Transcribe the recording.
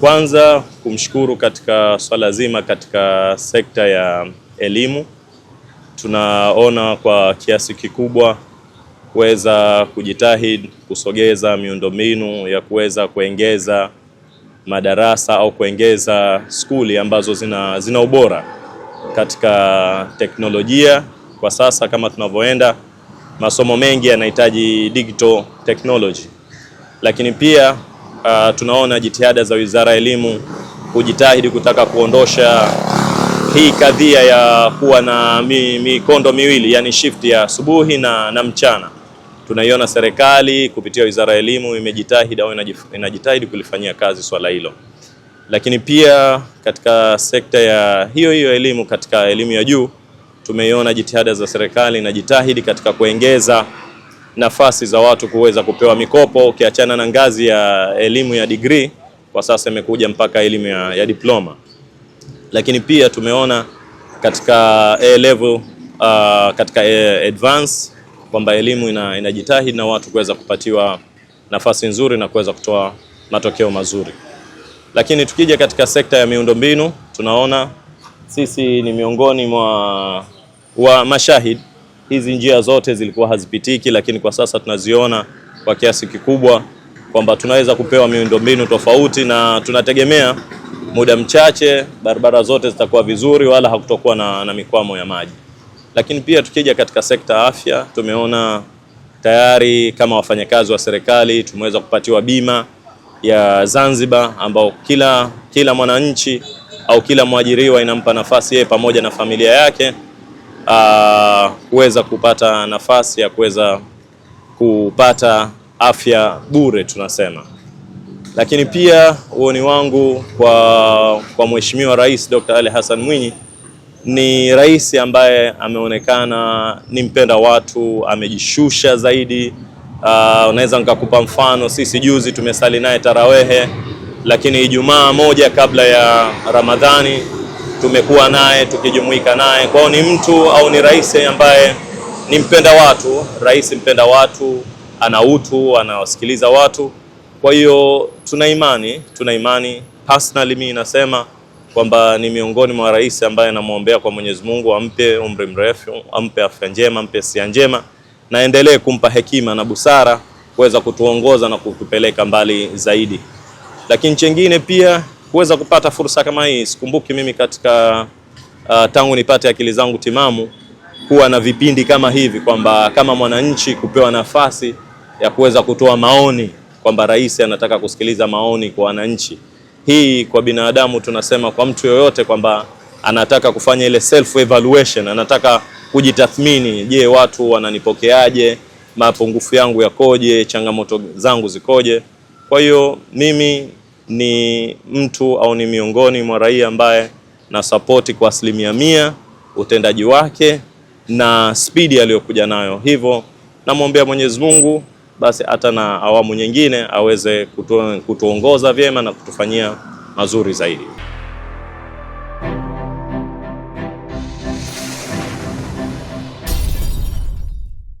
Kwanza kumshukuru katika swala zima katika sekta ya elimu, tunaona kwa kiasi kikubwa kuweza kujitahidi kusogeza miundombinu ya kuweza kuengeza madarasa au kuengeza skuli ambazo zina, zina ubora katika teknolojia. Kwa sasa kama tunavyoenda, masomo mengi yanahitaji digital technology, lakini pia uh, tunaona jitihada za Wizara ya Elimu kujitahidi kutaka kuondosha hii kadhia ya kuwa na mikondo mi miwili, yani shift ya asubuhi na, na mchana. Tunaiona serikali kupitia Wizara ya Elimu imejitahidi au inajitahidi kulifanyia kazi swala hilo, lakini pia katika sekta ya hiyo hiyo elimu, katika elimu ya juu tumeiona jitihada za serikali inajitahidi katika kuongeza nafasi za watu kuweza kupewa mikopo, ukiachana na ngazi ya elimu ya degree, kwa sasa imekuja mpaka elimu ya, ya diploma. Lakini pia tumeona katika A level uh, katika A advance kwamba elimu ina, inajitahidi na watu kuweza kupatiwa nafasi nzuri na kuweza kutoa matokeo mazuri. Lakini tukija katika sekta ya miundombinu tunaona sisi ni miongoni mwa wa mashahidi hizi njia zote zilikuwa hazipitiki, lakini kwa sasa tunaziona kwa kiasi kikubwa kwamba tunaweza kupewa miundombinu tofauti, na tunategemea muda mchache barabara zote zitakuwa vizuri, wala hakutokuwa na, na mikwamo ya maji. Lakini pia tukija katika sekta afya, tumeona tayari kama wafanyakazi wa serikali tumeweza kupatiwa bima ya Zanzibar ambao kila kila mwananchi au kila mwajiriwa inampa nafasi yeye pamoja na familia yake Uh, kuweza uh, kupata nafasi ya kuweza kupata afya bure tunasema. Lakini pia uoni wangu kwa, kwa Mheshimiwa Rais Dr. Ali Hassan Mwinyi ni rais ambaye ameonekana ni mpenda watu, amejishusha zaidi. Uh, unaweza nikakupa mfano, sisi juzi tumesali naye tarawehe, lakini Ijumaa moja kabla ya Ramadhani tumekuwa naye tukijumuika naye. kwao. ni mtu au ni rais ambaye ni mpenda watu, rais mpenda watu, ana utu, anawasikiliza watu. Kwa hiyo tuna imani, tuna imani personally, mimi nasema kwamba ni miongoni mwa rais ambaye namwombea kwa Mwenyezi Mungu ampe umri mrefu, ampe afya njema, ampe sia njema, na endelee kumpa hekima na busara kuweza kutuongoza na kutupeleka mbali zaidi. Lakini chengine pia kuweza kupata fursa kama hii. Sikumbuki mimi katika uh, tangu nipate akili zangu timamu kuwa na vipindi kama hivi, kwamba kama mwananchi kupewa nafasi ya kuweza kutoa maoni, kwamba rais anataka kusikiliza maoni kwa wananchi. Hii kwa binadamu tunasema kwa mtu yoyote kwamba anataka kufanya ile self evaluation, anataka kujitathmini. Je, watu wananipokeaje? Mapungufu yangu yakoje? Changamoto zangu zikoje? Kwa hiyo mimi ni mtu au ni miongoni mwa raia ambaye na sapoti kwa asilimia mia utendaji wake na spidi aliyokuja nayo. Hivyo namwombea Mwenyezi Mungu basi hata na awamu nyingine aweze kutuongoza vyema na kutufanyia mazuri zaidi.